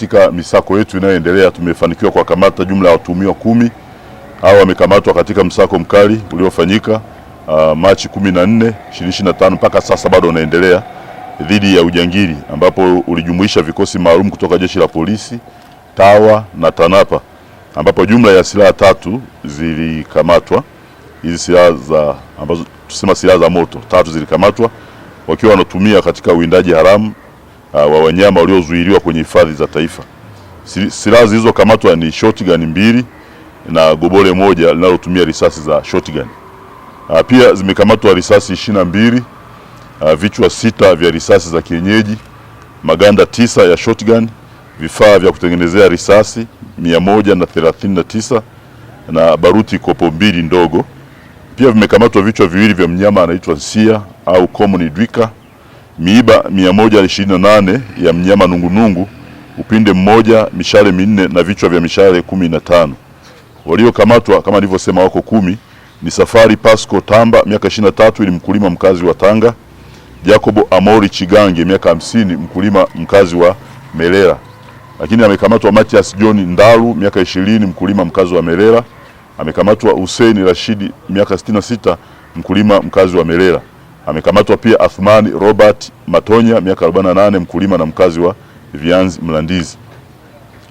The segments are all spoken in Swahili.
Katika misako yetu inayoendelea tumefanikiwa kuwakamata jumla ya watuhumiwa kumi. au wamekamatwa katika msako mkali uliofanyika uh, Machi 14, 2025 mpaka sasa bado unaendelea dhidi ya ujangili, ambapo ulijumuisha vikosi maalum kutoka jeshi la polisi, TAWA na TANAPA, ambapo jumla ya silaha tatu zilikamatwa. Hizi silaha za ambazo tusema silaha za moto tatu zilikamatwa wakiwa wanatumia katika uwindaji haramu uh, wa wanyama waliozuiliwa kwenye hifadhi za taifa. Silaha zilizokamatwa ni shotgun mbili na gobole moja linalotumia risasi za shotgun. Uh, pia zimekamatwa risasi ishirini na mbili, uh, vichwa sita vya risasi za kienyeji, maganda tisa ya shotgun, vifaa vya kutengenezea risasi mia moja na thelathini na tisa na baruti kopo mbili ndogo. Pia vimekamatwa vichwa viwili vya mnyama anaitwa nsia au common dwika miiba 128 ya mnyama nungunungu, upinde mmoja, mishale minne na vichwa vya mishale kumi na tano. Waliokamatwa kama nilivyosema wako kumi ni Safari Pasco Tamba miaka 23 ili mkulima mkazi wa Tanga, Jacobo Amori Chigange miaka 50 mkulima mkazi wa Melera. Lakini amekamatwa Matias John Ndalu miaka 20 mkulima mkazi wa Melera. Amekamatwa Hussein Rashidi miaka 66 mkulima mkazi wa Melera. Amekamatwa pia Athmani Robert Matonya miaka 48, mkulima na mkazi wa Vianzi Mlandizi.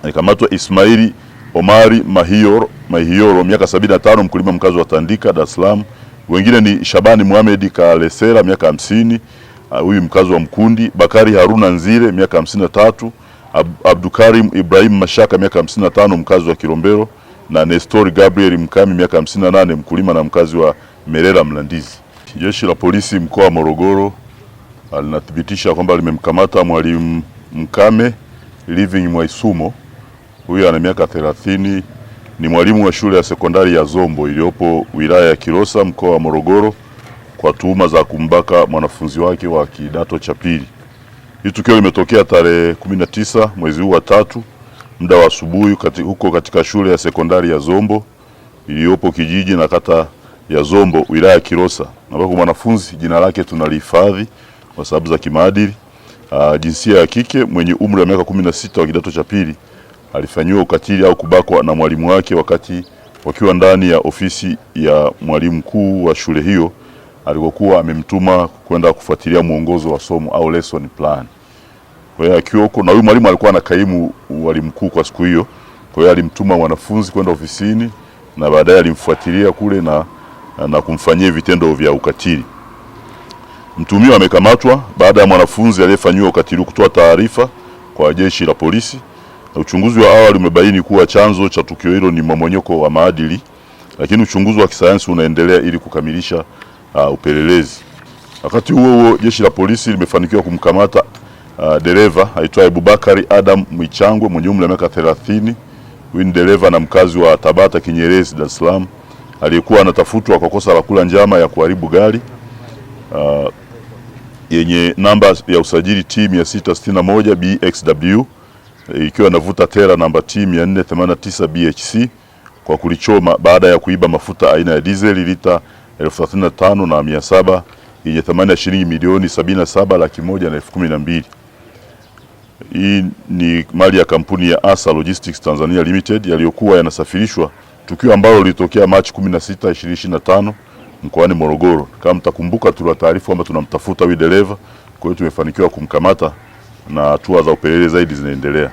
Amekamatwa Ismaili Omari Mahioro, Mahioro miaka 75, mkulima mkazi wa Tandika, Dar es Salaam. Wengine ni Shabani Mohamed Kalesera miaka 50, uh, huyu uh, mkazi wa Mkundi. Bakari Haruna Nzire miaka 53, Ab Abdukarim Ibrahim Mashaka miaka 55, mkazi wa Kilombero na Nestori Gabriel Mkami miaka 58, mkulima na mkazi wa Merera Mlandizi. Jeshi la Polisi mkoa wa Morogoro ah, linathibitisha kwamba limemkamata Mwalimu Mkame Living Mwaisumo, huyu ana miaka 30, ni mwalimu wa shule ya sekondari ya Zombo iliyopo wilaya ya Kilosa mkoa wa Morogoro kwa tuhuma za kumbaka mwanafunzi wake wa kidato cha pili. hii tukio limetokea tarehe 19 mwezi huu wa tatu muda wa asubuhi huko katika shule ya sekondari ya Zombo iliyopo kijiji na kata ya Zombo wilaya ya Kilosa, ambapo mwanafunzi jina lake tunalihifadhi kwa sababu za kimaadili. Uh, jinsia ya kike mwenye umri wa miaka 16 wa kidato cha pili alifanyiwa ukatili au kubakwa na mwalimu wake wakati wakiwa ndani ya ofisi ya mwalimu mkuu wa shule hiyo alikokuwa amemtuma kwenda kufuatilia mwongozo wa somo au lesson plan. Kwa hiyo akiwa huko na huyu mwalimu alikuwa na kaimu mwalimu mkuu kwa siku hiyo, kwa hiyo alimtuma mwanafunzi kwenda ofisini na baadaye alimfuatilia kule na Eh, na kumfanyia vitendo vya ukatili. Mtumio amekamatwa baada ya mwanafunzi aliyefanyiwa ukatili kutoa taarifa kwa jeshi la polisi, na uchunguzi wa awali umebaini kuwa chanzo cha tukio hilo ni mmomonyoko wa maadili, lakini uchunguzi wa kisayansi unaendelea ili kukamilisha uh, upelelezi. Wakati huo huo, jeshi la polisi limefanikiwa kumkamata uh, dereva aitwaye Abubakari Adam Mwichangwe mwenye umri wa miaka 30, huyu ni dereva na mkazi wa Tabata Kinyerezi, Dar es Salaam aliyekuwa anatafutwa kwa kosa la kula njama ya kuharibu gari uh, yenye namba ya usajili T 661 BXW ikiwa inavuta tera namba T 489 BHC kwa kulichoma baada ya kuiba mafuta aina ya diesel lita 35 na 700 yenye thamani ya shilingi milioni 77 laki moja na elfu kumi na mbili. Hii ni mali ya kampuni ya Asa Logistics Tanzania Limited yaliyokuwa yanasafirishwa tukio ambalo lilitokea Machi 16, 2025 mkoani Morogoro. Kama mtakumbuka, tuliwataarifu taarifa kwamba tunamtafuta huyu dereva, kwa hiyo tumefanikiwa kumkamata na hatua za upelelezi zaidi zinaendelea.